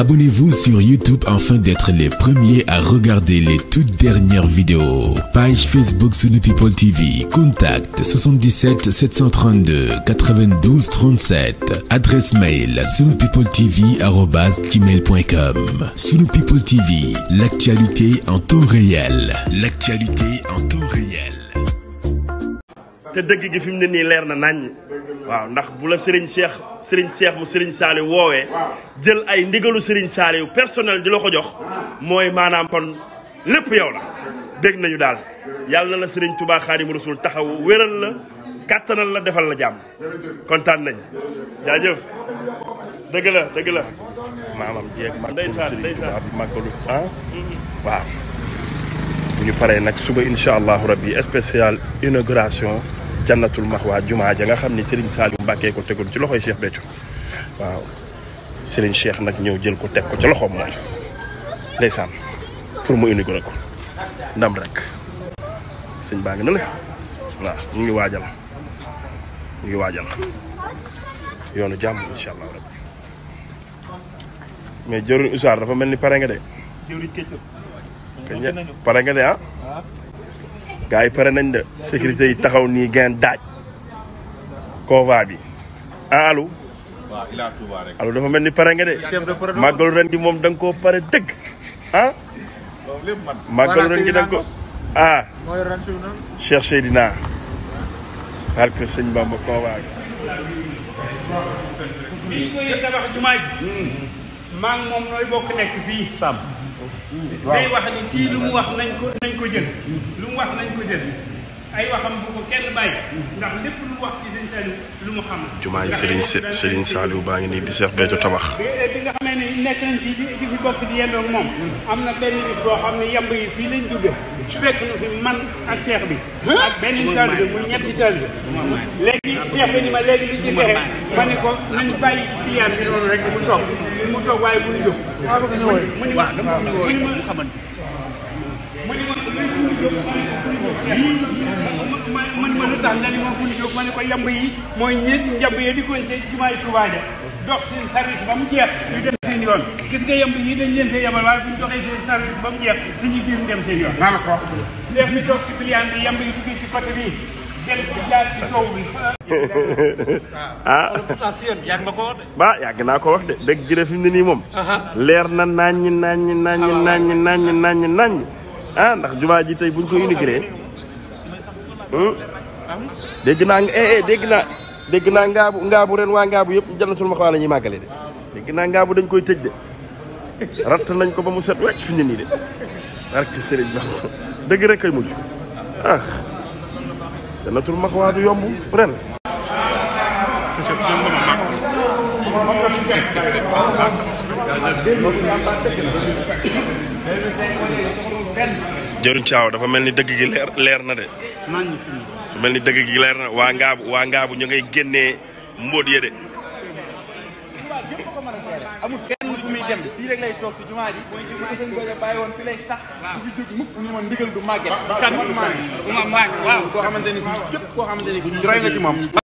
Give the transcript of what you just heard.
Abonnez-vous sur YouTube afin d'être les premiers à regarder les toutes dernières vidéos. Page Facebook Sunu People TV. Contact 77 732 92 37. Adresse mail sunupeopletv@gmail.com. Sunu People TV, en temps réel. L'actualité en temps réel. waaw ndax bu la Serigne seex Serigne Cheikh mu Serigne Saliou woowee. jël ay ndigalu Serigne Saliou personnel di la ko jox. Ah. mooy maanaam kon lépp yow la. dégg nañu daal yàlla na la Serigne Touba Xaadimu Rasuul taxaw wéral la kàttanal la defal la jàmm. kontaan nañ jaajëf. dëgg la dëgg la. maamam jeeg ma. ndeysaan ndeysaan màggalu ah. waaw. ñu pare nag suba incha allahu rabbi spécial inauguration. jannatul maxwa jumaa ja nga xam ne Serigne Saliou Mbacke ko tegoon ci loxoy Cheikh Béthio waaw Serigne Cheikh nag ñëw jël ko teg ko ca loxoom moom ndeysaan pour mu inauguré ko ndam rek sëñ baa ngi na la waaw ñu ngi waajal ñu ngi waajal yoonu jàmm incha allah rabbi mais jëruñ Ousar dafa mel ni pare nga de. jëruñ nga de ah. ah. gars yi pare nañ de sécurité yi taxaw nii geen daaj bi ah allo allo dafa mel ni pare nga de màggalu ren moom da nga koo pare dëgg ah màggalu ren gi da nga ko ah Cheikh Seydina barke sëñ Bamba convoi bi day wax ni kii lu mu wax nañ ko nañ ko jël lu mu wax nañ ko jël ay waxam bu ko kenn bàyyi. ndax lépp lu wax ci sëñ Saliou lu mu xam. jumaa ji Serigne Serigne Saliou baa ngi nii bi Cheikh Béthio tabax. bi nga xamee ne nekk nañ ci di fi bokk di yendoo ak moom. am na benn bis boo xam ne yamb yi fii lañ jóge su fekk na fi man ak Cheikh bi. ak benn taalibe bi mu ñetti taalibe bi. léegi Cheikh bi ni ma léegi li ci fexe ma ni ko nañ bàyyi ci piyaan bi noonu rek mu toog mu toog waaye bu ñu jóg. waaw waaw waaw mu ni ma mu ne ma léegi ma ne ko ma man fu ñu jóg ma ne ko yamb yi mooy ñeenti njamb yi di koy ci jumaay Tuubaa ja dox seen service ba ba mu jeex dañuy dem seen yoon. yamb yi duggee ci côté bi jël jaar ci kaw bi. ah yàgg nga ko wax de. waaw yàgg naa ko wax de fi mu nii moom. leer na naññ naññ naññ naññ naññ ah ndax jumaa ji tey buñ ko unigré hmm? dégg naa eh, eh dégg naa ngaabu ngaabu ren waa ngaabu yëpp janatul maxwaa la ñuy màggale de dégg naa ngaabu dañ koy tëj de ratt nañ ko ba mu set wecc fi ñu de barke sëriñ ba dëgg rek kay mujj ah jannatul maxwaa du yomb ren jëruñ caaw dafa mel ni dëgg gi leer na de. su mel ni dëgg gi leer na waa Ngaabu waa ñu ngay génnee mbóot ya de. amul kenn fu muy nga ci